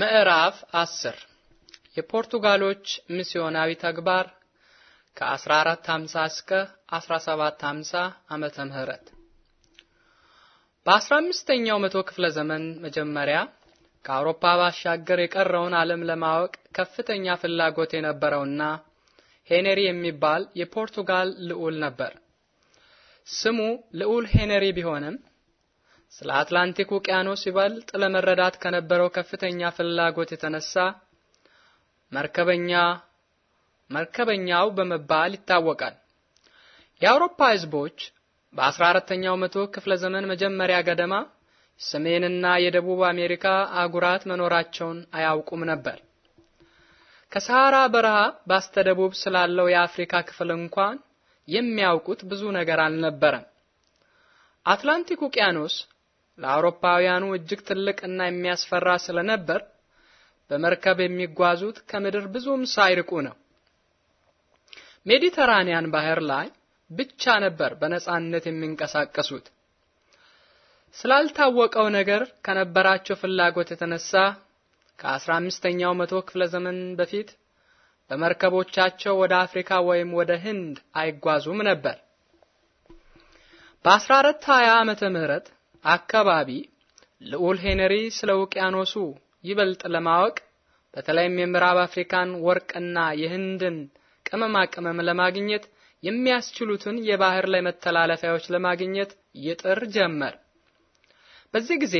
ምዕራፍ 10 የፖርቱጋሎች ሚስዮናዊ ተግባር ከ1450 እስከ 1750 ዓመተ ምህረት በ15ኛው መቶ ክፍለ ዘመን መጀመሪያ ከአውሮፓ ባሻገር የቀረውን ዓለም ለማወቅ ከፍተኛ ፍላጎት የነበረውና ሄነሪ የሚባል የፖርቱጋል ልዑል ነበር። ስሙ ልዑል ሄነሪ ቢሆንም ስለ አትላንቲክ ውቅያኖስ ይበልጥ ለመረዳት ከነበረው ከፍተኛ ፍላጎት የተነሳ መርከበኛ መርከበኛው በመባል ይታወቃል። የአውሮፓ ህዝቦች በ14ኛው መቶ ክፍለ ዘመን መጀመሪያ ገደማ ሰሜንና የደቡብ አሜሪካ አጉራት መኖራቸውን አያውቁም ነበር። ከሰሃራ በረሃ በስተደቡብ ስላለው የአፍሪካ ክፍል እንኳን የሚያውቁት ብዙ ነገር አልነበረም። አትላንቲክ ውቅያኖስ ለአውሮፓውያኑ እጅግ ትልቅ እና የሚያስፈራ ስለነበር በመርከብ የሚጓዙት ከምድር ብዙም ሳይርቁ ነው። ሜዲተራኒያን ባህር ላይ ብቻ ነበር በነጻነት የሚንቀሳቀሱት። ስላልታወቀው ነገር ከነበራቸው ፍላጎት የተነሳ ከ15ኛው መቶ ክፍለ ዘመን በፊት በመርከቦቻቸው ወደ አፍሪካ ወይም ወደ ህንድ አይጓዙም ነበር። በ1420 ዓመተ ምህረት አካባቢ ልዑል ሄነሪ ስለ ውቅያኖሱ ይበልጥ ለማወቅ በተለይም የምዕራብ አፍሪካን ወርቅና የህንድን ቅመማ ቅመም ለማግኘት የሚያስችሉትን የባህር ላይ መተላለፊያዎች ለማግኘት ይጥር ጀመር። በዚህ ጊዜ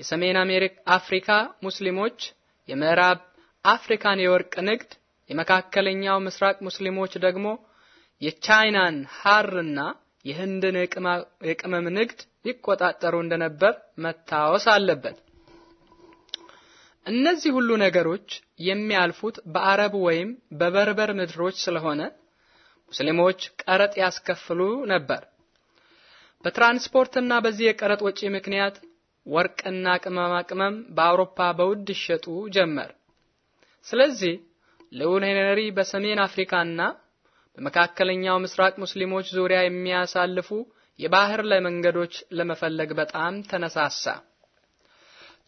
የሰሜን አሜሪካ አፍሪካ ሙስሊሞች የምዕራብ አፍሪካን የወርቅ ንግድ፣ የመካከለኛው ምስራቅ ሙስሊሞች ደግሞ የቻይናን ሐርና የህንድን የቅመም ንግድ ይቆጣጠሩ እንደነበር መታወስ አለበት። እነዚህ ሁሉ ነገሮች የሚያልፉት በአረብ ወይም በበርበር ምድሮች ስለሆነ ሙስሊሞች ቀረጥ ያስከፍሉ ነበር። በትራንስፖርትና በዚህ የቀረጥ ወጪ ምክንያት ወርቅና ቅመማ ቅመም በአውሮፓ በውድ ይሸጡ ጀመር። ስለዚህ ልዑል ሄነሪ በሰሜን አፍሪካና በመካከለኛው ምስራቅ ሙስሊሞች ዙሪያ የሚያሳልፉ የባህር ላይ መንገዶች ለመፈለግ በጣም ተነሳሳ።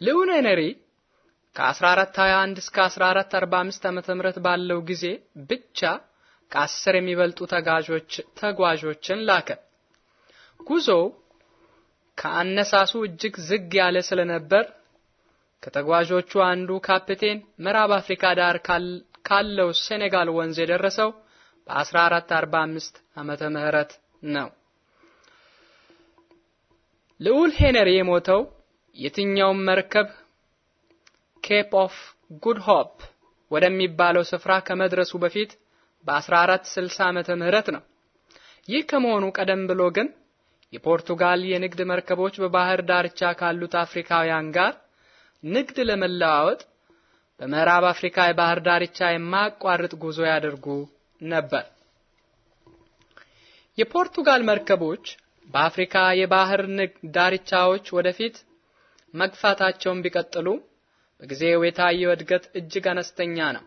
ሊዩኔነሪ ከ1421 እስከ 1445 ዓመተ ምህረት ባለው ጊዜ ብቻ ከ ከ10 የሚበልጡ ተጓዦች ተጓዦችን ላከ። ጉዞው ከአነሳሱ እጅግ ዝግ ያለ ስለነበር ከተጓዦቹ አንዱ ካፕቴን ምዕራብ አፍሪካ ዳር ካለው ሴኔጋል ወንዝ የደረሰው በ1445 ዓመተ ምህረት ነው። ልዑል ሄነሪ የሞተው የትኛውም መርከብ ኬፕ ኦፍ ጉድ ሆፕ ወደሚባለው ስፍራ ከመድረሱ በፊት በ1460 ዓመተ ምህረት ነው። ይህ ከመሆኑ ቀደም ብሎ ግን የፖርቱጋል የንግድ መርከቦች በባህር ዳርቻ ካሉት አፍሪካውያን ጋር ንግድ ለመለዋወጥ በምዕራብ አፍሪካ የባህር ዳርቻ የማያቋርጥ ጉዞ ያደርጉ ነበር። የፖርቱጋል መርከቦች በአፍሪካ የባህር ዳርቻዎች ወደፊት መግፋታቸውን ቢቀጥሉ በጊዜው የታየው እድገት እጅግ አነስተኛ ነው።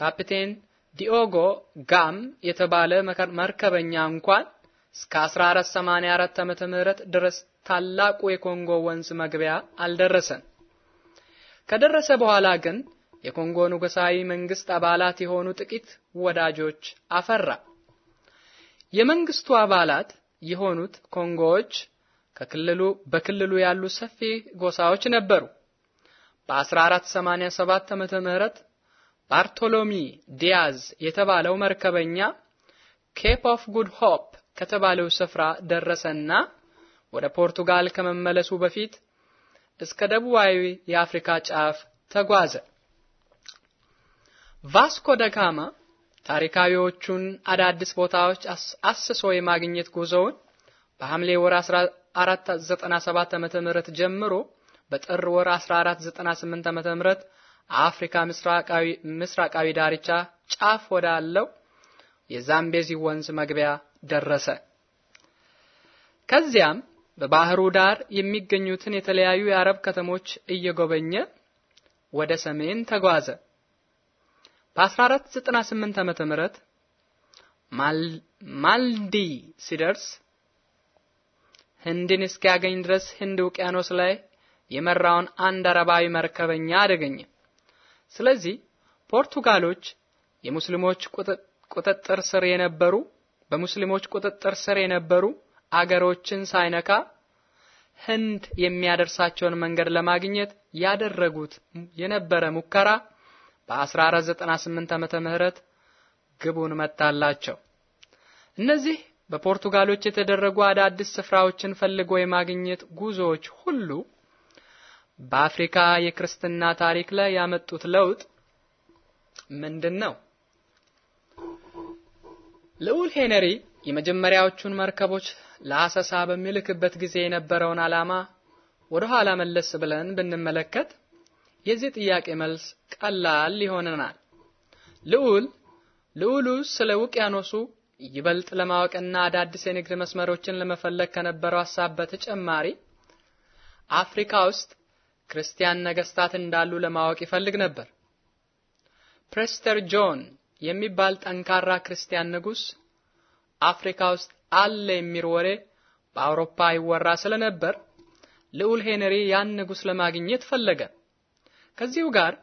ካፒቴን ዲኦጎ ጋም የተባለ መርከበኛ እንኳን እስከ 1484 ዓመተ ምህረት ድረስ ታላቁ የኮንጎ ወንዝ መግቢያ አልደረሰም። ከደረሰ በኋላ ግን የኮንጎ ንጉሳዊ መንግስት አባላት የሆኑ ጥቂት ወዳጆች አፈራ። የመንግስቱ አባላት የሆኑት ኮንጎዎች ከክልሉ በክልሉ ያሉ ሰፊ ጎሳዎች ነበሩ። በ1487 ዓመተ ምህረት ባርቶሎሚ ዲያዝ የተባለው መርከበኛ ኬፕ ኦፍ ጉድ ሆፕ ከተባለው ስፍራ ደረሰና ወደ ፖርቱጋል ከመመለሱ በፊት እስከ ደቡባዊ የአፍሪካ ጫፍ ተጓዘ። ቫስኮ ደጋማ ታሪካዊዎቹን አዳዲስ ቦታዎች አስሶ የማግኘት ጉዞውን በሐምሌ ወር 1497 ዓም ምህረት ጀምሮ በጥር ወር 1498 ዓ.ም ምህረት አፍሪካ ምስራቃዊ ምስራቃዊ ዳርቻ ጫፍ ወዳለው የዛምቤዚ ወንዝ መግቢያ ደረሰ። ከዚያም በባህሩ ዳር የሚገኙትን የተለያዩ የአረብ ከተሞች እየጎበኘ ወደ ሰሜን ተጓዘ። በ1498 ዓመተ ምህረት ማልዲ ሲደርስ ህንድን እስኪያገኝ ድረስ ህንድ ውቅያኖስ ላይ የመራውን አንድ አረባዊ መርከበኛ አደገኘ። ስለዚህ ፖርቱጋሎች የሙስሊሞች ቁጥጥር ስር የነበሩ በሙስሊሞች ቁጥጥር ስር የነበሩ አገሮችን ሳይነካ ህንድ የሚያደርሳቸውን መንገድ ለማግኘት ያደረጉት የነበረ ሙከራ በ1498 ዓመተ ምህረት ግቡን መታላቸው። እነዚህ በፖርቱጋሎች የተደረጉ አዳዲስ ስፍራዎችን ፈልጎ የማግኘት ጉዞዎች ሁሉ በአፍሪካ የክርስትና ታሪክ ላይ ያመጡት ለውጥ ምንድን ነው? ልዑል ሄነሪ የመጀመሪያዎቹን መርከቦች ለአሰሳ በሚልክበት ጊዜ የነበረውን ዓላማ ወደ ኋላ መለስ ብለን ብንመለከት የዚህ ጥያቄ መልስ ቀላል ይሆነናል። ልዑል ልዑሉ ስለ ውቅያኖሱ ይበልጥ ለማወቅና አዳዲስ የንግድ መስመሮችን ለመፈለግ ከነበረው ሀሳብ በተጨማሪ አፍሪካ ውስጥ ክርስቲያን ነገስታት እንዳሉ ለማወቅ ይፈልግ ነበር። ፕሬስተር ጆን የሚባል ጠንካራ ክርስቲያን ንጉስ አፍሪካ ውስጥ አለ የሚል ወሬ በአውሮፓ ይወራ ስለነበር ልዑል ሄንሪ ያን ንጉስ ለማግኘት ፈለገ። ከዚሁ ጋር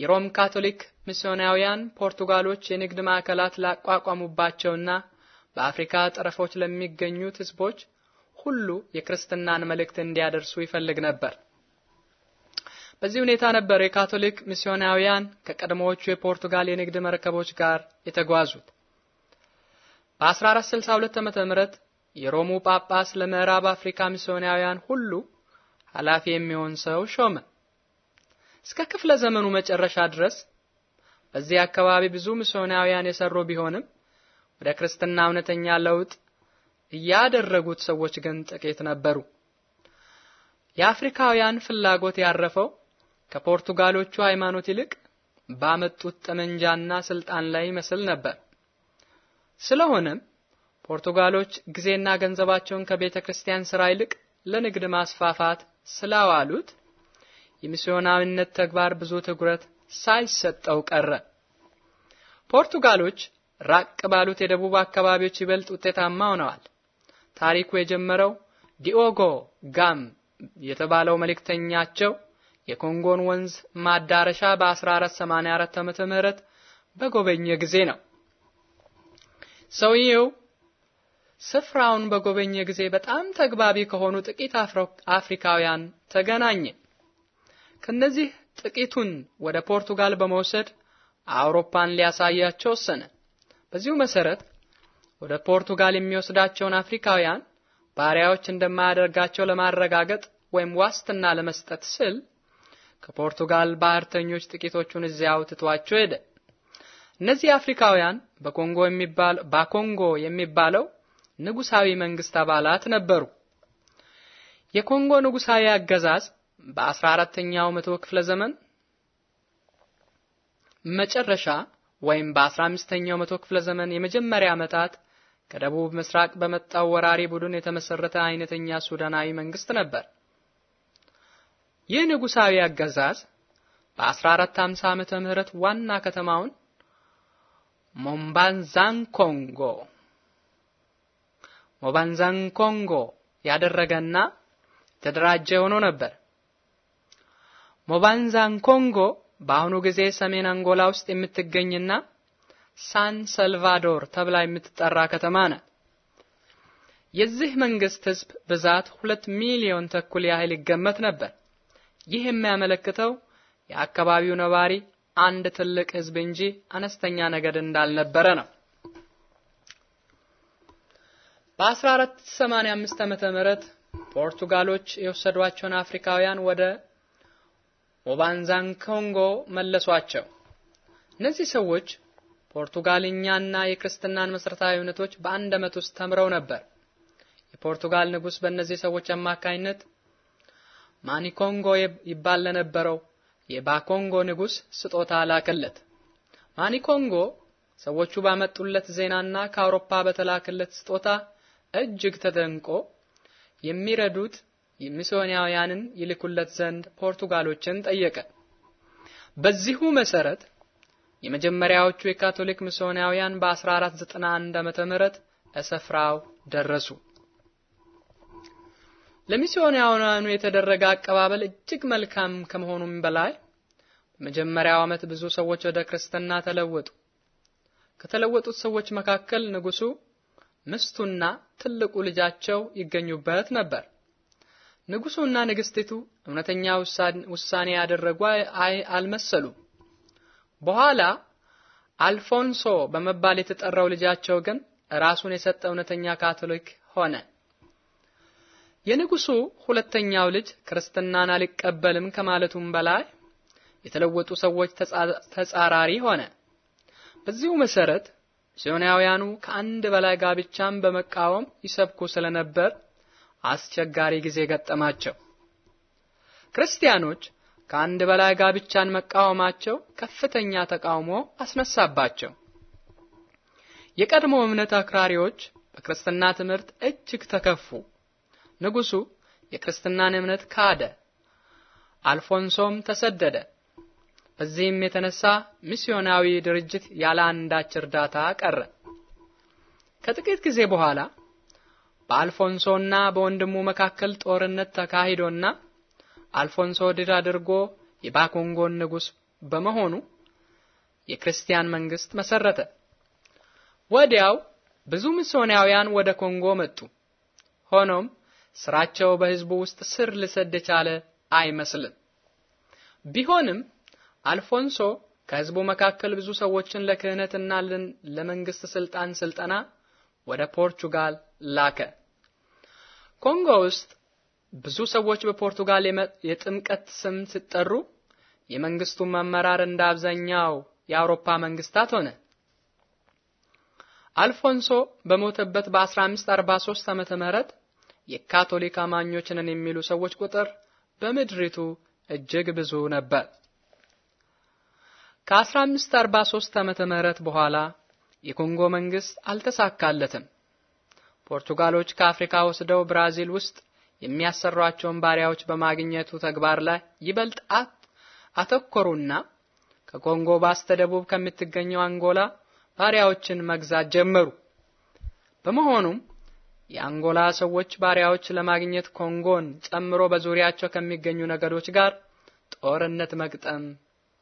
የሮም ካቶሊክ ሚስዮናውያን ፖርቱጋሎች የንግድ ማዕከላት ላቋቋሙባቸውና በአፍሪካ ጠረፎች ለሚገኙት ህዝቦች ሁሉ የክርስትናን መልእክት እንዲያደርሱ ይፈልግ ነበር። በዚህ ሁኔታ ነበር የካቶሊክ ሚስዮናውያን ከቀድሞዎቹ የፖርቱጋል የንግድ መርከቦች ጋር የተጓዙት። በ1462 .ም የሮሙ ጳጳስ ለምዕራብ አፍሪካ ሚስዮናውያን ሁሉ ኃላፊ የሚሆን ሰው ሾመ። እስከ ክፍለ ዘመኑ መጨረሻ ድረስ በዚህ አካባቢ ብዙ ሚስዮናውያን የሰሩ ቢሆንም ወደ ክርስትና እውነተኛ ለውጥ እያደረጉት ሰዎች ግን ጥቂት ነበሩ። የአፍሪካውያን ፍላጎት ያረፈው ከፖርቱጋሎቹ ሃይማኖት ይልቅ ባመጡት ጠመንጃና ስልጣን ላይ ይመስል ነበር። ስለሆነም ፖርቱጋሎች ጊዜና ገንዘባቸውን ከቤተ ክርስቲያን ስራ ይልቅ ለንግድ ማስፋፋት ስላዋሉት የሚስዮናዊነት ተግባር ብዙ ትኩረት ሳይሰጠው ቀረ። ፖርቱጋሎች ራቅ ባሉት የደቡብ አካባቢዎች ይበልጥ ውጤታማ ሆነዋል። ታሪኩ የጀመረው ዲኦጎ ጋም የተባለው መልእክተኛቸው የኮንጎን ወንዝ ማዳረሻ በ1484 ዓመተ ምህረት በጎበኘ ጊዜ ነው። ሰውየው ስፍራውን በጎበኘ ጊዜ በጣም ተግባቢ ከሆኑ ጥቂት አፍሪካውያን ተገናኘ። ከነዚህ ጥቂቱን ወደ ፖርቱጋል በመውሰድ አውሮፓን ሊያሳያቸው ወሰነ። በዚሁ መሰረት ወደ ፖርቱጋል የሚወስዳቸውን አፍሪካውያን ባሪያዎች እንደማያደርጋቸው ለማረጋገጥ ወይም ዋስትና ለመስጠት ስል ከፖርቱጋል ባህርተኞች ጥቂቶቹን እዚያው ትቷቸው ሄደ። እነዚህ አፍሪካውያን በኮንጎ የሚባል ባኮንጎ የሚባለው ንጉሳዊ መንግስት አባላት ነበሩ። የኮንጎ ንጉሳዊ አገዛዝ በ14ኛው መቶ ክፍለ ዘመን መጨረሻ ወይም በ15ኛው መቶ ክፍለ ዘመን የመጀመሪያ ዓመታት ከደቡብ ምስራቅ በመጣው ወራሪ ቡድን የተመሰረተ አይነተኛ ሱዳናዊ መንግስት ነበር። ይህ ንጉሳዊ አገዛዝ በ1450 ዓመተ ምህረት ዋና ከተማውን ሞምባንዛን ኮንጎ ኮንጎ ያደረገና የተደራጀ ሆኖ ነበር። ሞባንዛን ኮንጎ በአሁኑ ጊዜ ሰሜን አንጎላ ውስጥ የምትገኝና ሳን ሰልቫዶር ተብላ የምትጠራ ከተማ ናት። የዚህ መንግስት ህዝብ ብዛት ሁለት ሚሊዮን ተኩል ያህል ይገመት ነበር። ይህ የሚያመለክተው የአካባቢው ነባሪ አንድ ትልቅ ህዝብ እንጂ አነስተኛ ነገድ እንዳልነበረ ነው። በ1485 ዓመተ ምህረት ፖርቱጋሎች የወሰዷቸውን አፍሪካውያን ወደ ኮንጎ መለሷቸው። እነዚህ ሰዎች ፖርቱጋልኛና የክርስትናን መሠረታዊ እውነቶች በአንድ ዓመት ውስጥ ተምረው ነበር። የፖርቱጋል ንጉሥ በእነዚህ ሰዎች አማካኝነት ማኒኮንጎ ይባል ለነበረው የባኮንጎ ንጉሥ ስጦታ ላከለት። ማኒኮንጎ ሰዎቹ ባመጡለት ዜናና ከአውሮፓ በተላከለት ስጦታ እጅግ ተደንቆ የሚረዱት ሚስዮናውያንን ይልኩለት ዘንድ ፖርቱጋሎችን ጠየቀ። በዚሁ መሰረት የመጀመሪያዎቹ የካቶሊክ ሚስዮናውያን በ1491 ዓመተ ምህረት ለስፍራው ደረሱ። ለሚስዮናውያኑ የተደረገ አቀባበል እጅግ መልካም ከመሆኑም በላይ በመጀመሪያው ዓመት ብዙ ሰዎች ወደ ክርስትና ተለወጡ። ከተለወጡት ሰዎች መካከል ንጉሱ፣ ምስቱና ትልቁ ልጃቸው ይገኙበት ነበር። ንጉሱና ንግስቲቱ እውነተኛ ውሳኔ ያደረጉ አልመሰሉም። በኋላ አልፎንሶ በመባል የተጠራው ልጃቸው ግን ራሱን የሰጠ እውነተኛ ካቶሊክ ሆነ። የንጉሱ ሁለተኛው ልጅ ክርስትናን አልቀበልም ከማለቱም በላይ የተለወጡ ሰዎች ተጻራሪ ሆነ። በዚሁ መሰረት ሲዮናውያኑ ከአንድ በላይ ጋብቻን በመቃወም ይሰብኩ ስለነበር አስቸጋሪ ጊዜ ገጠማቸው። ክርስቲያኖች ከአንድ በላይ ጋብቻን መቃወማቸው ከፍተኛ ተቃውሞ አስነሳባቸው። የቀድሞ እምነት አክራሪዎች በክርስትና ትምህርት እጅግ ተከፉ። ንጉሱ የክርስትናን እምነት ካደ፣ አልፎንሶም ተሰደደ። በዚህም የተነሳ ሚስዮናዊ ድርጅት ያለ አንዳች እርዳታ ቀረ። ከጥቂት ጊዜ በኋላ በአልፎንሶና በወንድሙ መካከል ጦርነት ተካሂዶና አልፎንሶ ድል አድርጎ የባኮንጎን ንጉስ በመሆኑ የክርስቲያን መንግስት መሰረተ። ወዲያው ብዙ ሚስዮናውያን ወደ ኮንጎ መጡ። ሆኖም ስራቸው በህዝቡ ውስጥ ስር ሊሰድ የቻለ አይመስልም። ቢሆንም አልፎንሶ ከህዝቡ መካከል ብዙ ሰዎችን ለክህነትና ለመንግስት ስልጣን ስልጠና ወደ ፖርቹጋል ላከ። ኮንጎ ውስጥ ብዙ ሰዎች በፖርቱጋል የጥምቀት ስም ሲጠሩ የመንግስቱን መመራር እንደ አብዛኛው የአውሮፓ መንግስታት ሆነ። አልፎንሶ በሞተበት በ1543 ዓመተ ምህረት የካቶሊክ አማኞች ነን የሚሉ ሰዎች ቁጥር በምድሪቱ እጅግ ብዙ ነበር። ከ1543 ዓመተ ምህረት በኋላ የኮንጎ መንግስት አልተሳካለትም። ፖርቱጋሎች ከአፍሪካ ወስደው ብራዚል ውስጥ የሚያሰሯቸውን ባሪያዎች በማግኘቱ ተግባር ላይ ይበልጥ አተኮሩና ከኮንጎ ባስተደቡብ ከምትገኘው አንጎላ ባሪያዎችን መግዛት ጀመሩ። በመሆኑም የአንጎላ ሰዎች ባሪያዎች ለማግኘት ኮንጎን ጨምሮ በዙሪያቸው ከሚገኙ ነገዶች ጋር ጦርነት መግጠም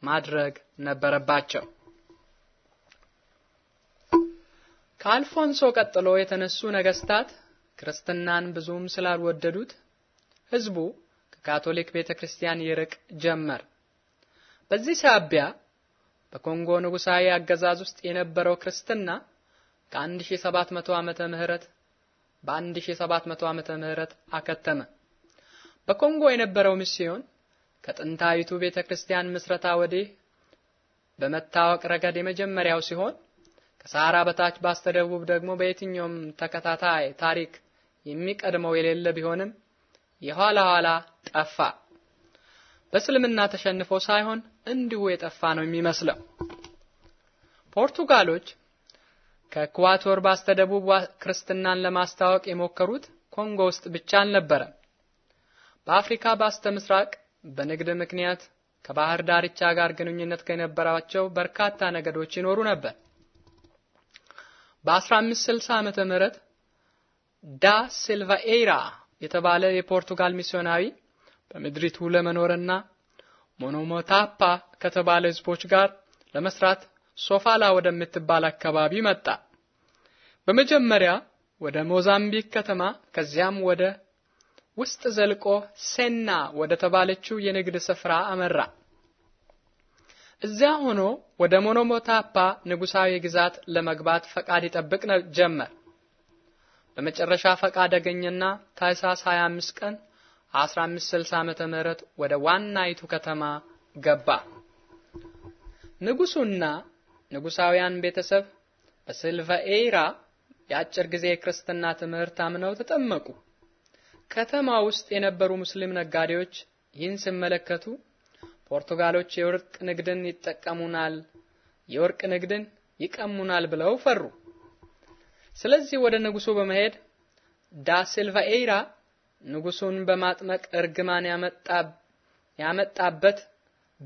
ማድረግ ነበረባቸው። ከአልፎንሶ ቀጥሎ የተነሱ ነገስታት ክርስትናን ብዙም ስላልወደዱት ህዝቡ ከካቶሊክ ቤተክርስቲያን ይርቅ ጀመር። በዚህ ሳቢያ በኮንጎ ንጉሳዊ አገዛዝ ውስጥ የነበረው ክርስትና ከ1700 ዓመተ ምህረት በ1700 ዓመተ ምህረት አከተመ። በኮንጎ የነበረው ሚስዮን ከጥንታዊቱ ቤተክርስቲያን ምስረታ ወዲህ በመታወቅ ረገድ የመጀመሪያው ሲሆን ከሳራ በታች ባስተደቡብ ደግሞ በየትኛውም ተከታታይ ታሪክ የሚቀድመው የሌለ ቢሆንም የኋላ ኋላ ጠፋ። በእስልምና ተሸንፎ ሳይሆን እንዲሁ የጠፋ ነው የሚመስለው። ፖርቱጋሎች ከኢኳቶር ባስተደቡብ ክርስትናን ለማስታወቅ የሞከሩት ኮንጎ ውስጥ ብቻ አልነበረም። በአፍሪካ ባስተ ምስራቅ በንግድ ምክንያት ከባህር ዳርቻ ጋር ግንኙነት ከነበራቸው በርካታ ነገዶች ይኖሩ ነበር። በ1560 ዓመተ ምህረት ዳ ሲልቫኤራ የተባለ የፖርቱጋል ሚስዮናዊ በምድሪቱ ለመኖርና ሞኖሞታፓ ከተባለ ህዝቦች ጋር ለመስራት ሶፋላ ወደምትባል አካባቢ መጣ። በመጀመሪያ ወደ ሞዛምቢክ ከተማ ከዚያም ወደ ውስጥ ዘልቆ ሴና ወደ ተባለችው የንግድ ስፍራ አመራ። እዚያ ሆኖ ወደ ሞኖሞታፓ ንጉሣዊ ግዛት ለመግባት ፈቃድ ይጠብቅ ጀመር። በመጨረሻ ፈቃድ አገኘና ታኅሳስ 25 ቀን 1560 ዓመተ ምህረት ወደ ዋናይቱ ከተማ ገባ። ንጉሱና ንጉሳውያን ቤተሰብ በስልቫኤራ የአጭር ጊዜ የክርስትና ትምህርት አምነው ተጠመቁ። ከተማ ውስጥ የነበሩ ሙስሊም ነጋዴዎች ይህን ሲመለከቱ ፖርቱጋሎች የወርቅ ንግድን ይጠቀሙናል፣ የወርቅ ንግድን ይቀሙናል ብለው ፈሩ። ስለዚህ ወደ ንጉሱ በመሄድ ዳ ሲልቫኤራ ንጉሱን በማጥመቅ እርግማን ያመጣበት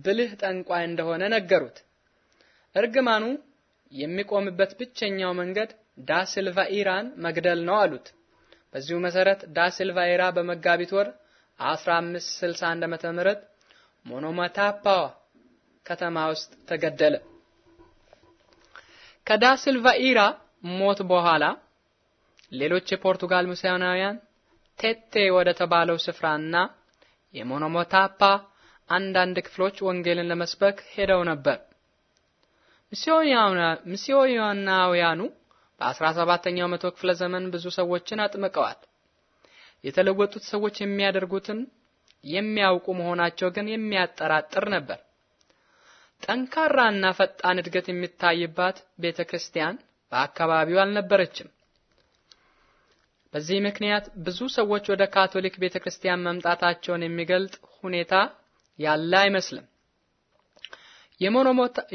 ብልህ ጠንቋይ እንደሆነ ነገሩት። እርግማኑ የሚቆምበት ብቸኛው መንገድ ዳ ኢራን መግደል ነው አሉት። በዚሁ መሰረት ዳ ሲልቫኤራ በመጋቢት ወር 1561 ዓ.ም ሞኖማታፓ ከተማ ውስጥ ተገደለ። ከዳሲልቫኢራ ሞት በኋላ ሌሎች የፖርቱጋል ሚስዮናውያን ቴቴ ወደ ተባለው ስፍራና የሞኖሞታፓ አንዳንድ ክፍሎች ወንጌልን ለመስበክ ሄደው ነበር። ሚስዮናውያኑ በ17ኛው መቶ ክፍለ ዘመን ብዙ ሰዎችን አጥምቀዋል። የተለወጡት ሰዎች የሚያደርጉትን የሚያውቁ መሆናቸው ግን የሚያጠራጥር ነበር። ጠንካራና ፈጣን እድገት የሚታይባት ቤተ ክርስቲያን በአካባቢው አልነበረችም። በዚህ ምክንያት ብዙ ሰዎች ወደ ካቶሊክ ቤተ ክርስቲያን መምጣታቸውን የሚገልጥ ሁኔታ ያለ አይመስልም።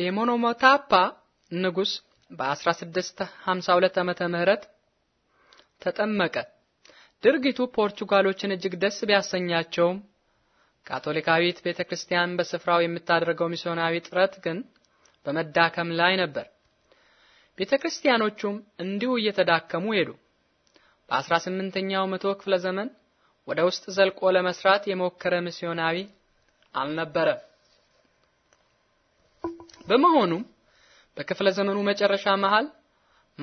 የሞኖሞታፓ ንጉስ በ1652 ዓመተ ምህረት ተጠመቀ። ድርጊቱ ፖርቹጋሎችን እጅግ ደስ ቢያሰኛቸውም ካቶሊካዊት ቤተ ክርስቲያን በስፍራው የምታደርገው ሚስዮናዊ ጥረት ግን በመዳከም ላይ ነበር። ቤተ ክርስቲያኖቹም እንዲሁ እየተዳከሙ ሄዱ። በ18ኛው መቶ ክፍለ ዘመን ወደ ውስጥ ዘልቆ ለመስራት የሞከረ ሚስዮናዊ አልነበረም። በመሆኑም በክፍለ ዘመኑ መጨረሻ መሃል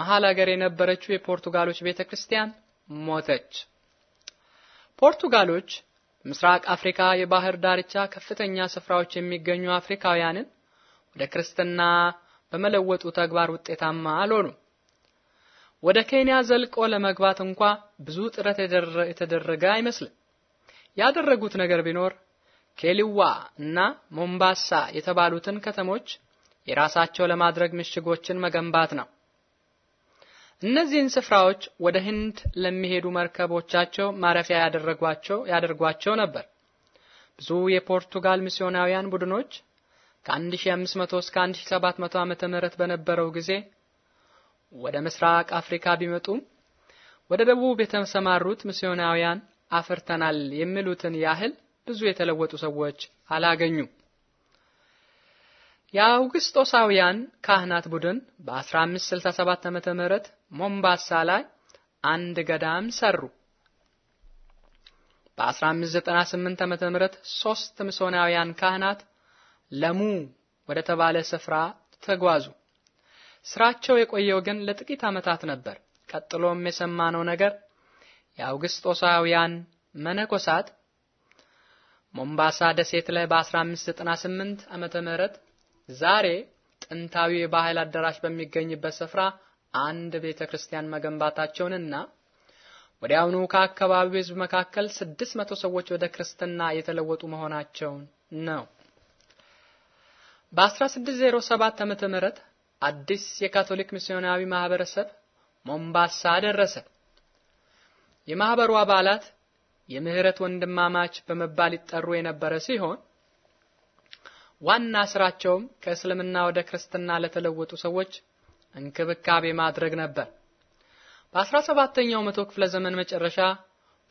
መሃል ሀገር የነበረችው የፖርቱጋሎች ቤተ ክርስቲያን ሞተች። ፖርቱጋሎች ምስራቅ አፍሪካ የባህር ዳርቻ ከፍተኛ ስፍራዎች የሚገኙ አፍሪካውያንን ወደ ክርስትና በመለወጡ ተግባር ውጤታማ አልሆኑም። ወደ ኬንያ ዘልቆ ለመግባት እንኳ ብዙ ጥረት የተደረገ አይመስልም። ያደረጉት ነገር ቢኖር ኬሊዋ እና ሞምባሳ የተባሉትን ከተሞች የራሳቸው ለማድረግ ምሽጎችን መገንባት ነው። እነዚህን ስፍራዎች ወደ ህንድ ለሚሄዱ መርከቦቻቸው ማረፊያ ያደረጓቸው ያደርጓቸው ነበር። ብዙ የፖርቱጋል ሚስዮናውያን ቡድኖች ከ1500 እስከ 1700 ዓመተ ምህረት በነበረው ጊዜ ወደ ምስራቅ አፍሪካ ቢመጡም ወደ ደቡብ የተሰማሩት ሚስዮናውያን አፍርተናል የሚሉትን ያህል ብዙ የተለወጡ ሰዎች አላገኙም። የአውግስጦሳውያን ካህናት ቡድን በ1567 ዓመተ ምህረት ሞምባሳ ላይ አንድ ገዳም ሰሩ። በ1598 ዓመተ ምህረት ሶስት ምሶናውያን ካህናት ለሙ ወደ ተባለ ስፍራ ተጓዙ። ስራቸው የቆየው ግን ለጥቂት ዓመታት ነበር። ቀጥሎም የሰማነው ነገር የአውግስጦሳውያን መነኮሳት ሞምባሳ ደሴት ላይ በ1598 ዓመተ ምህረት ዛሬ ጥንታዊ የባህል አዳራሽ በሚገኝበት ስፍራ አንድ ቤተ ክርስቲያን መገንባታቸውንና ወዲያውኑ ከአካባቢው ሕዝብ መካከል ስድስት መቶ ሰዎች ወደ ክርስትና የተለወጡ መሆናቸውን ነው። በ1607 ዓመተ ምህረት አዲስ የካቶሊክ ሚስዮናዊ ማህበረሰብ ሞምባሳ ደረሰ። የማህበሩ አባላት የምህረት ወንድማማች በመባል ይጠሩ የነበረ ሲሆን ዋና ስራቸውም ከእስልምና ወደ ክርስትና ለተለወጡ ሰዎች እንክብካቤ ማድረግ ነበር። በ17ኛው መቶ ክፍለ ዘመን መጨረሻ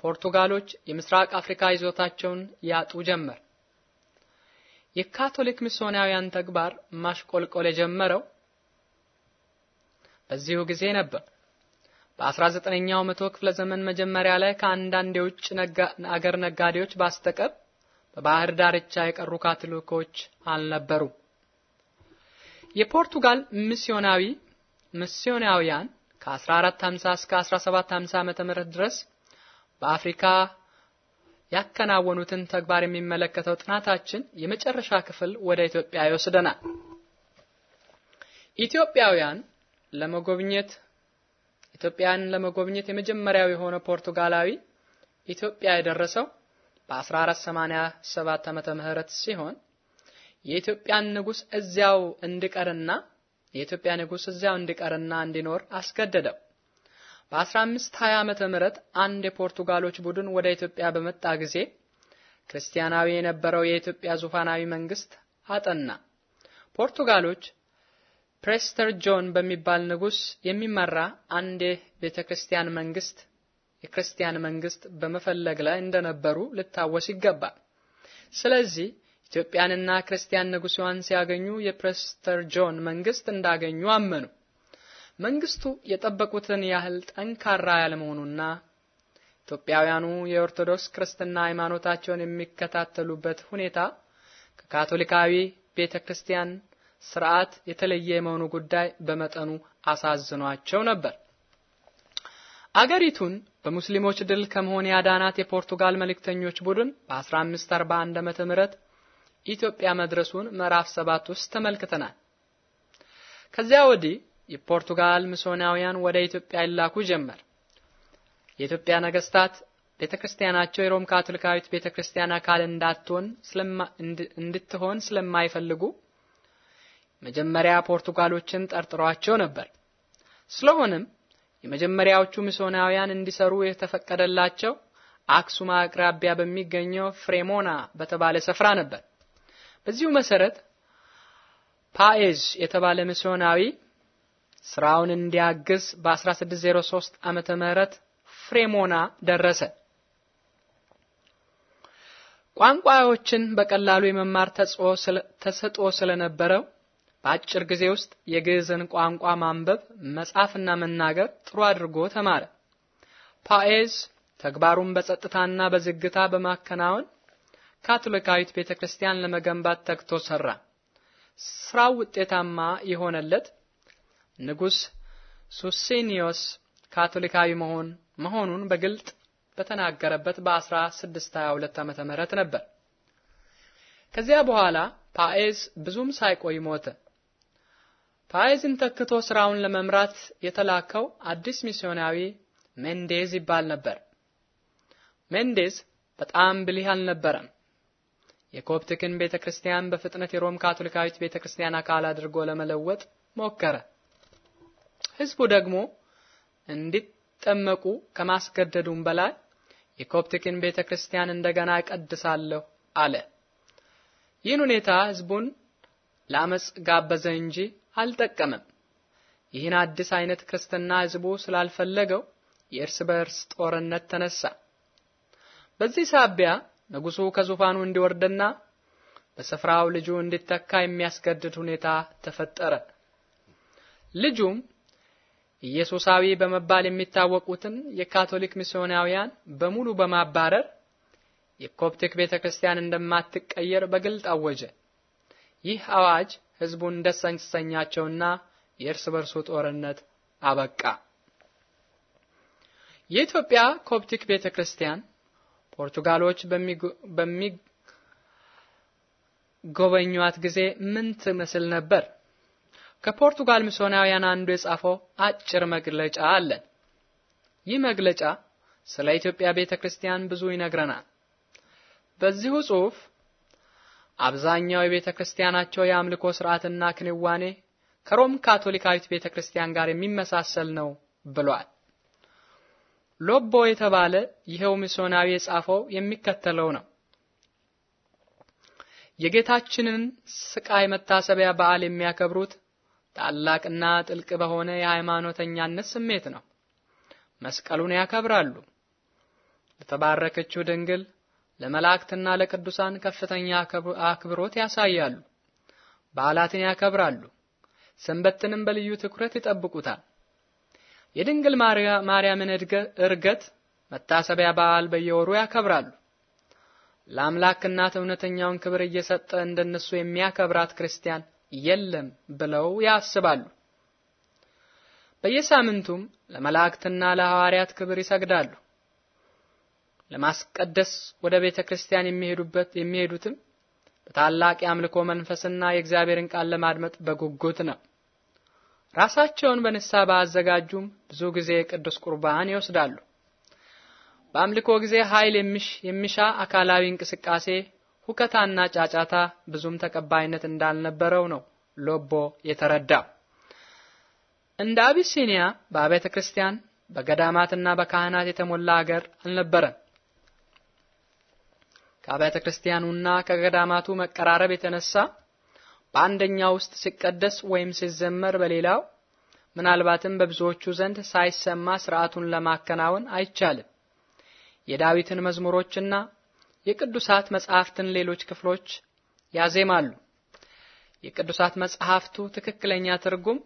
ፖርቱጋሎች የምስራቅ አፍሪካ ይዞታቸውን ያጡ ጀመር። የካቶሊክ ሚስዮናውያን ተግባር ማሽቆልቆል የጀመረው በዚሁ ጊዜ ነበር። በ19ኛው መቶ ክፍለ ዘመን መጀመሪያ ላይ ከአንዳንድ የውጭ አገር ነጋዴዎች በስተቀር በባህር ዳርቻ የቀሩ ካቶሊኮች አልነበሩ። የፖርቱጋል ሚስዮናዊ ሚስዮናውያን ከ1450 እስከ 1750 ዓመተ ምህረት ድረስ በአፍሪካ ያከናወኑትን ተግባር የሚመለከተው ጥናታችን የመጨረሻ ክፍል ወደ ኢትዮጵያ ይወስደናል። ኢትዮጵያውያን ለመጎብኘት ኢትዮጵያን ለመጎብኘት የመጀመሪያው የሆነ ፖርቱጋላዊ ኢትዮጵያ የደረሰው በ1487 ዓመተ ምህረት ሲሆን የኢትዮጵያን ንጉስ እዚያው እንዲቀርና የኢትዮጵያ ንጉስ እዚያው እንዲቀርና እንዲኖር አስገደደው። በ1520 ዓመተ ምህረት አንድ የፖርቱጋሎች ቡድን ወደ ኢትዮጵያ በመጣ ጊዜ ክርስቲያናዊ የነበረው የኢትዮጵያ ዙፋናዊ መንግስት አጠና። ፖርቱጋሎች ፕሬስተር ጆን በሚባል ንጉስ የሚመራ አንድ የቤተክርስቲያን መንግስት የክርስቲያን መንግስት በመፈለግ ላይ እንደነበሩ ልታወስ ይገባል። ስለዚህ ኢትዮጵያንና ክርስቲያን ንጉሷን ሲያገኙ የፕሬስተር ጆን መንግስት እንዳገኙ አመኑ። መንግስቱ የጠበቁትን ያህል ጠንካራ ያለመሆኑና ኢትዮጵያውያኑ የኦርቶዶክስ ክርስትና ሃይማኖታቸውን የሚከታተሉበት ሁኔታ ከካቶሊካዊ ቤተክርስቲያን ስርዓት የተለየ የመሆኑ ጉዳይ በመጠኑ አሳዝኗቸው ነበር። አገሪቱን በሙስሊሞች ድል ከመሆን ያዳናት የፖርቱጋል መልእክተኞች ቡድን በ1541 ዓመተ ምህረት ኢትዮጵያ መድረሱን ምዕራፍ 7 ውስጥ ተመልክተናል። ከዚያ ወዲህ የፖርቱጋል ምሶናውያን ወደ ኢትዮጵያ ይላኩ ጀመር። የኢትዮጵያ ነገስታት ቤተክርስቲያናቸው የሮም ካቶሊካዊት ቤተክርስቲያን አካል እንዳትሆን እንድትሆን ስለማይፈልጉ መጀመሪያ ፖርቱጋሎችን ጠርጥሯቸው ነበር። ስለሆነም የመጀመሪያዎቹ ሚስዮናውያን እንዲሰሩ የተፈቀደላቸው አክሱም አቅራቢያ በሚገኘው ፍሬሞና በተባለ ስፍራ ነበር። በዚሁ መሰረት ፓኤዝ የተባለ ሚስዮናዊ ስራውን እንዲያግዝ በ1603 ዓመተ ምህረት ፍሬሞና ደረሰ። ቋንቋዎችን በቀላሉ የመማር ተሰጥኦ ስለነበረው በአጭር ጊዜ ውስጥ የግዕዝን ቋንቋ ማንበብ መጻፍና መናገር ጥሩ አድርጎ ተማረ። ፓኤዝ ተግባሩን በጸጥታና በዝግታ በማከናወን ካቶሊካዊት ቤተክርስቲያን ለመገንባት ተግቶ ሰራ። ስራው ውጤታማ የሆነለት ንጉስ ሱሲኒዮስ ካቶሊካዊ መሆን መሆኑን በግልጥ በተናገረበት በ1622 ዓመተ ምህረት ነበር። ከዚያ በኋላ ፓኤዝ ብዙም ሳይቆይ ሞተ። ፓይዝን ተክቶ ስራውን ለመምራት የተላከው አዲስ ሚስዮናዊ ሜንዴዝ ይባል ነበር። ሜንዴዝ በጣም ብልህ አልነበረም። የኮፕቲክን ቤተክርስቲያን በፍጥነት የሮም ካቶሊካዊት ቤተክርስቲያን አካል አድርጎ ለመለወጥ ሞከረ። ህዝቡ ደግሞ እንዲጠመቁ ከማስገደዱም በላይ የኮፕቲክን ቤተክርስቲያን እንደገና እቀድሳለሁ አለ። ይህን ሁኔታ ህዝቡን ላመጽ ጋበዘ እንጂ አልጠቀምም። ይህን አዲስ አይነት ክርስትና ህዝቡ ስላልፈለገው የእርስ በእርስ ጦርነት ተነሳ። በዚህ ሳቢያ ንጉሱ ከዙፋኑ እንዲወርድና በስፍራው ልጁ እንዲተካ የሚያስገድድ ሁኔታ ተፈጠረ። ልጁም ኢየሱሳዊ በመባል የሚታወቁትን የካቶሊክ ሚስዮናውያን በሙሉ በማባረር የኮፕቲክ ቤተክርስቲያን እንደማትቀየር በግልጽ አወጀ። ይህ አዋጅ ሕዝቡን ደስ አሰኛቸውና የእርስ በርሱ ጦርነት አበቃ። የኢትዮጵያ ኮፕቲክ ቤተክርስቲያን ፖርቱጋሎች በሚጎበኟት ጊዜ ምን ትመስል ነበር? ከፖርቱጋል ሚስዮናውያን አንዱ የጻፈው አጭር መግለጫ አለን። ይህ መግለጫ ስለ ኢትዮጵያ ቤተክርስቲያን ብዙ ይነግረናል። በዚሁ ጽሑፍ አብዛኛው የቤተ ክርስቲያናቸው የአምልኮ ስርዓትና ክንዋኔ ከሮም ካቶሊካዊት ቤተ ክርስቲያን ጋር የሚመሳሰል ነው ብሏል። ሎቦ የተባለ ይኸው ሚስዮናዊ የጻፈው የሚከተለው ነው። የጌታችንን ስቃይ መታሰቢያ በዓል የሚያከብሩት ታላቅና ጥልቅ በሆነ የሃይማኖተኛነት ስሜት ነው። መስቀሉን ያከብራሉ። ለተባረከችው ድንግል ለመላእክትና ለቅዱሳን ከፍተኛ አክብሮት ያሳያሉ። በዓላትን ያከብራሉ። ሰንበትንም በልዩ ትኩረት ይጠብቁታል። የድንግል ማርያምን እርገት መታሰቢያ በዓል በየወሩ ያከብራሉ። ለአምላክ እናት እውነተኛውን ክብር እየሰጠ እንደነሱ የሚያከብራት ክርስቲያን የለም ብለው ያስባሉ። በየሳምንቱም ለመላእክትና ለሐዋርያት ክብር ይሰግዳሉ። ለማስቀደስ ወደ ቤተ ክርስቲያን የሚሄዱበት የሚሄዱትም በታላቅ የአምልኮ መንፈስና የእግዚአብሔርን ቃል ለማድመጥ በጉጉት ነው። ራሳቸውን በነሳ ባዘጋጁም ብዙ ጊዜ ቅዱስ ቁርባን ይወስዳሉ። በአምልኮ ጊዜ ኃይል የሚሻ አካላዊ እንቅስቃሴ፣ ሁከታና ጫጫታ ብዙም ተቀባይነት እንዳልነበረው ነው ሎቦ የተረዳው። እንደ አቢሲኒያ በአብያተ ክርስቲያን በገዳማትና በካህናት የተሞላ አገር አልነበረም። ከአብያተ ክርስቲያኑና ከገዳማቱ መቀራረብ የተነሳ በአንደኛው ውስጥ ሲቀደስ ወይም ሲዘመር በሌላው ምናልባትም በብዙዎቹ ዘንድ ሳይሰማ ስርዓቱን ለማከናወን አይቻልም። የዳዊትን መዝሙሮችና የቅዱሳት መጻሕፍትን ሌሎች ክፍሎች ያዜማሉ። የቅዱሳት መጻሕፍቱ ትክክለኛ ትርጉም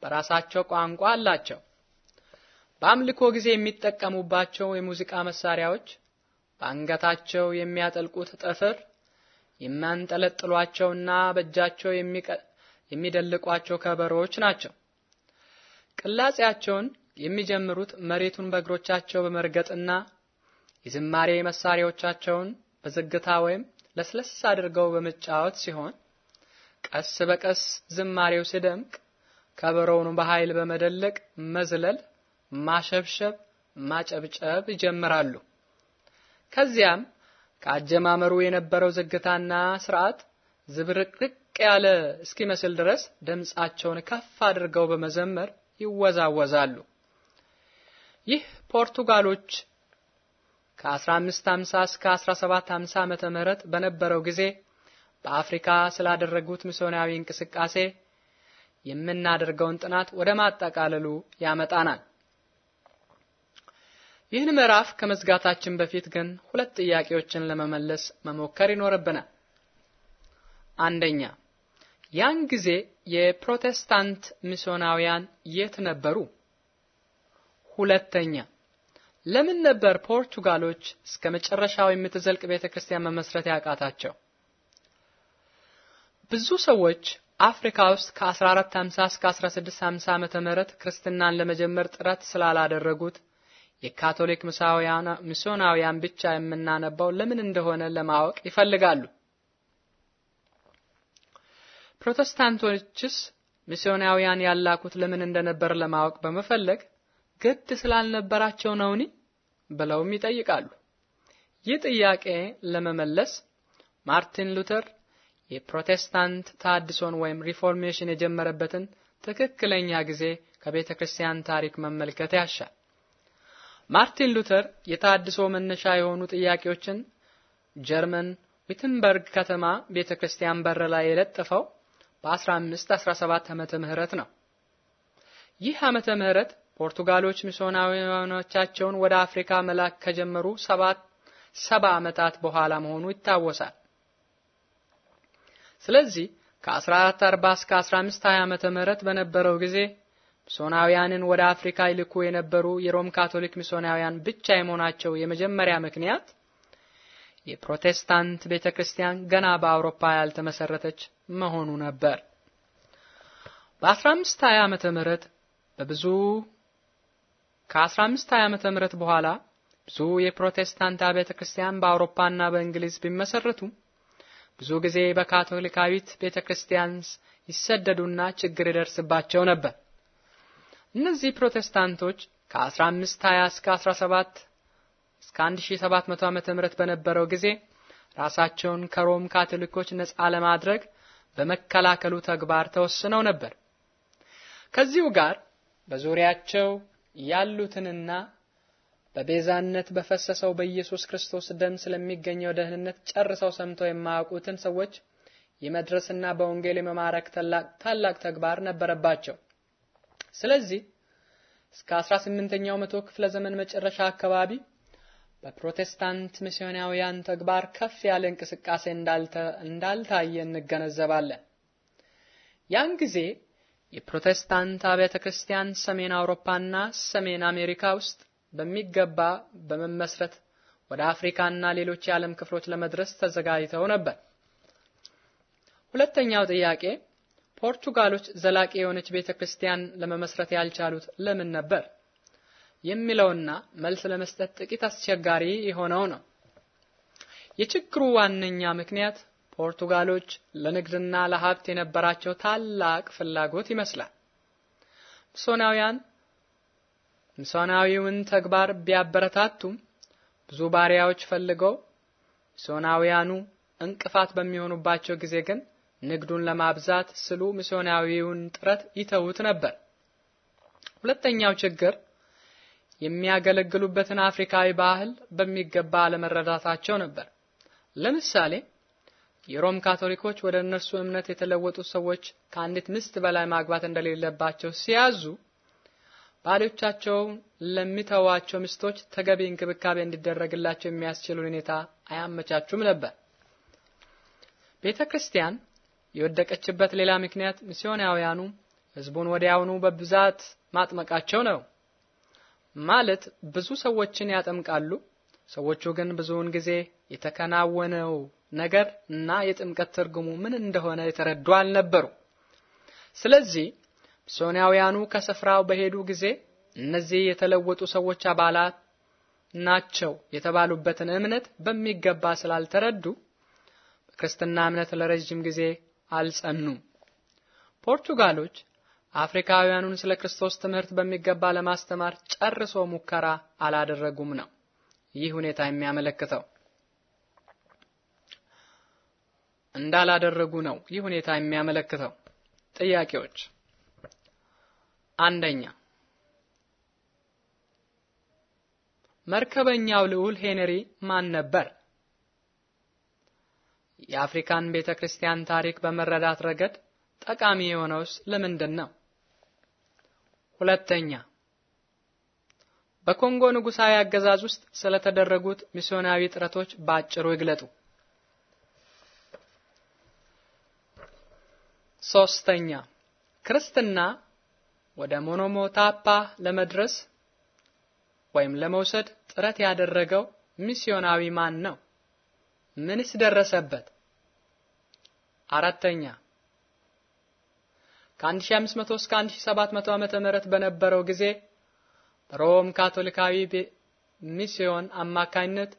በራሳቸው ቋንቋ አላቸው። በአምልኮ ጊዜ የሚጠቀሙባቸው የሙዚቃ መሳሪያዎች በአንገታቸው የሚያጠልቁት ጥፍር የሚያንጠለጥሏቸውና በእጃቸው የሚደልቋቸው ከበሮዎች ናቸው። ቅላጼያቸውን የሚጀምሩት መሬቱን በእግሮቻቸው በመርገጥና የዝማሬ መሳሪያዎቻቸውን በዝግታ ወይም ለስለስ አድርገው በመጫወት ሲሆን ቀስ በቀስ ዝማሬው ሲደምቅ ከበሮውን በኃይል በመደለቅ መዝለል፣ ማሸብሸብ፣ ማጨብጨብ ይጀምራሉ። ከዚያም ከአጀማመሩ የነበረው ዝግታና ስርዓት ዝብርቅርቅ ያለ እስኪመስል ድረስ ድምፃቸውን ከፍ አድርገው በመዘመር ይወዛወዛሉ። ይህ ፖርቱጋሎች ከ1550 እስከ 1750 ዓመተ ምህረት በነበረው ጊዜ በአፍሪካ ስላደረጉት ሚስዮናዊ እንቅስቃሴ የምናደርገውን ጥናት ወደ ማጠቃለሉ ያመጣናል። ይህን ምዕራፍ ከመዝጋታችን በፊት ግን ሁለት ጥያቄዎችን ለመመለስ መሞከር ይኖርብናል። አንደኛ፣ ያን ጊዜ የፕሮቴስታንት ሚስዮናውያን የት ነበሩ? ሁለተኛ፣ ለምን ነበር ፖርቱጋሎች እስከ መጨረሻው የምትዘልቅ ቤተክርስቲያን መመስረት ያቃታቸው? ብዙ ሰዎች አፍሪካ ውስጥ ከ1450 እስከ 1650 ዓመተ ምህረት ክርስትናን ለመጀመር ጥረት ስላላደረጉት የካቶሊክ ሚስዮናውያን ብቻ የምናነባው ለምን እንደሆነ ለማወቅ ይፈልጋሉ። ፕሮቴስታንቶችስ ሚስዮናውያን ያላኩት ለምን እንደነበር ለማወቅ በመፈለግ ግድ ስላልነበራቸው ነውኒ ብለውም ይጠይቃሉ። ይህ ጥያቄ ለመመለስ ማርቲን ሉተር የፕሮቴስታንት ታድሶን ወይም ሪፎርሜሽን የጀመረበትን ትክክለኛ ጊዜ ከቤተ ክርስቲያን ታሪክ መመልከት ያሻል። ማርቲን ሉተር የተሃድሶ መነሻ የሆኑ ጥያቄዎችን ጀርመን ዊትንበርግ ከተማ ቤተክርስቲያን በር ላይ የለጠፈው በ1517 ዓመተ ምህረት ነው። ይህ ዓመተ ምህረት ፖርቱጋሎች ሚስዮናውያኖቻቸውን ወደ አፍሪካ መላክ ከጀመሩ ሰባት ሰባ ዓመታት በኋላ መሆኑ ይታወሳል። ስለዚህ ከ1440 እስከ 1520 ዓመተ ምህረት በነበረው ጊዜ ሶናውያንን ወደ አፍሪካ ይልኩ የነበሩ የሮም ካቶሊክ ሚሶናውያን ብቻ የመሆናቸው የመጀመሪያ ምክንያት የፕሮቴስታንት ቤተክርስቲያን ገና በአውሮፓ ያልተመሰረተች መሆኑ ነበር። በ1520 ዓመተ ምህረት በብዙ ከ1520 ዓመተ ምህረት በኋላ ብዙ የፕሮቴስታንት አብያተ ክርስቲያን በአውሮፓና በእንግሊዝ ቢመሰረቱ ብዙ ጊዜ በካቶሊካዊት ቤተክርስቲያን ይሰደዱና ችግር ይደርስባቸው ነበር። እነዚህ ፕሮቴስታንቶች ከ1520 እስከ 17 እስከ 1700 ዓመተ ምህረት በነበረው ጊዜ ራሳቸውን ከሮም ካቶሊኮች ነፃ ለማድረግ በመከላከሉ ተግባር ተወስነው ነበር። ከዚሁ ጋር በዙሪያቸው ያሉትንና በቤዛነት በፈሰሰው በኢየሱስ ክርስቶስ ደም ስለሚገኘው ደህንነት ጨርሰው ሰምተው የማያውቁትን ሰዎች የመድረስና በወንጌል የመማረክ ታላቅ ተግባር ነበረባቸው። ስለዚህ እስከ 18ኛው መቶ ክፍለ ዘመን መጨረሻ አካባቢ በፕሮቴስታንት ሚስዮናውያን ተግባር ከፍ ያለ እንቅስቃሴ እንዳልታየ እንገነዘባለን። ያን ጊዜ የፕሮቴስታንት አብያተ ክርስቲያን ሰሜን አውሮፓና ሰሜን አሜሪካ ውስጥ በሚገባ በመመስረት ወደ አፍሪካና ሌሎች የዓለም ክፍሎች ለመድረስ ተዘጋጅተው ነበር። ሁለተኛው ጥያቄ ፖርቱጋሎች ዘላቂ የሆነች ቤተክርስቲያን ለመመስረት ያልቻሉት ለምን ነበር የሚለውና መልስ ለመስጠት ጥቂት አስቸጋሪ የሆነው ነው። የችግሩ ዋነኛ ምክንያት ፖርቱጋሎች ለንግድና ለሀብት የነበራቸው ታላቅ ፍላጎት ይመስላል። ሚስዮናውያን ሚስዮናዊውን ተግባር ቢያበረታቱም ብዙ ባሪያዎች ፈልገው ሶናውያኑ እንቅፋት በሚሆኑባቸው ጊዜ ግን ንግዱን ለማብዛት ስሉ ሚስዮናዊውን ጥረት ይተውት ነበር። ሁለተኛው ችግር የሚያገለግሉበትን አፍሪካዊ ባህል በሚገባ አለመረዳታቸው ነበር። ለምሳሌ የሮም ካቶሊኮች ወደ እነርሱ እምነት የተለወጡ ሰዎች ከአንዲት ሚስት በላይ ማግባት እንደሌለባቸው ሲያዙ ባሎቻቸው ለሚተዋቸው ሚስቶች ተገቢ እንክብካቤ እንዲደረግላቸው የሚያስችል ሁኔታ አያመቻቹም ነበር። ቤተ ክርስቲያን የወደቀችበት ሌላ ምክንያት ሚስዮናውያኑ ህዝቡን ወዲያውኑ በብዛት ማጥመቃቸው ነው። ማለት ብዙ ሰዎችን ያጠምቃሉ። ሰዎቹ ግን ብዙውን ጊዜ የተከናወነው ነገር እና የጥምቀት ትርጉሙ ምን እንደሆነ የተረዱ አልነበሩ። ስለዚህ ሚስዮናውያኑ ከስፍራው በሄዱ ጊዜ እነዚህ የተለወጡ ሰዎች አባላት ናቸው የተባሉበትን እምነት በሚገባ ስላልተረዱ በክርስትና እምነት ለረጅም ጊዜ አልጸኑም። ፖርቱጋሎች አፍሪካውያኑን ስለ ክርስቶስ ትምህርት በሚገባ ለማስተማር ጨርሶ ሙከራ አላደረጉም ነው ይህ ሁኔታ የሚያመለክተው እንዳላደረጉ ነው ይህ ሁኔታ የሚያመለክተው። ጥያቄዎች፣ አንደኛ መርከበኛው ልዑል ሄነሪ ማን ነበር? የአፍሪካን ቤተ ክርስቲያን ታሪክ በመረዳት ረገድ ጠቃሚ የሆነውስ ለምንድን ነው? ሁለተኛ በኮንጎ ንጉሳዊ አገዛዝ ውስጥ ስለተደረጉት ሚስዮናዊ ጥረቶች በአጭሩ ይግለጡ። ሶስተኛ ክርስትና ወደ ሞኖሞታፓ ለመድረስ ወይም ለመውሰድ ጥረት ያደረገው ሚስዮናዊ ማን ነው? ምንስ ደረሰበት? አራተኛ ከ1500 እስከ 1700 ዓመተ ምህረት በነበረው ጊዜ በሮም ካቶሊካዊ ሚስዮን አማካኝነት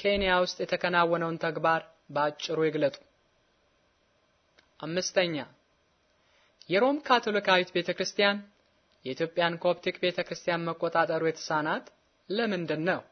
ኬንያ ውስጥ የተከናወነውን ተግባር በአጭሩ ይግለጡ። አምስተኛ የሮም ካቶሊካዊት ቤተክርስቲያን የኢትዮጵያን ኮፕቲክ ቤተክርስቲያን መቆጣጠሩ የተሳናት ለምንድን ነው?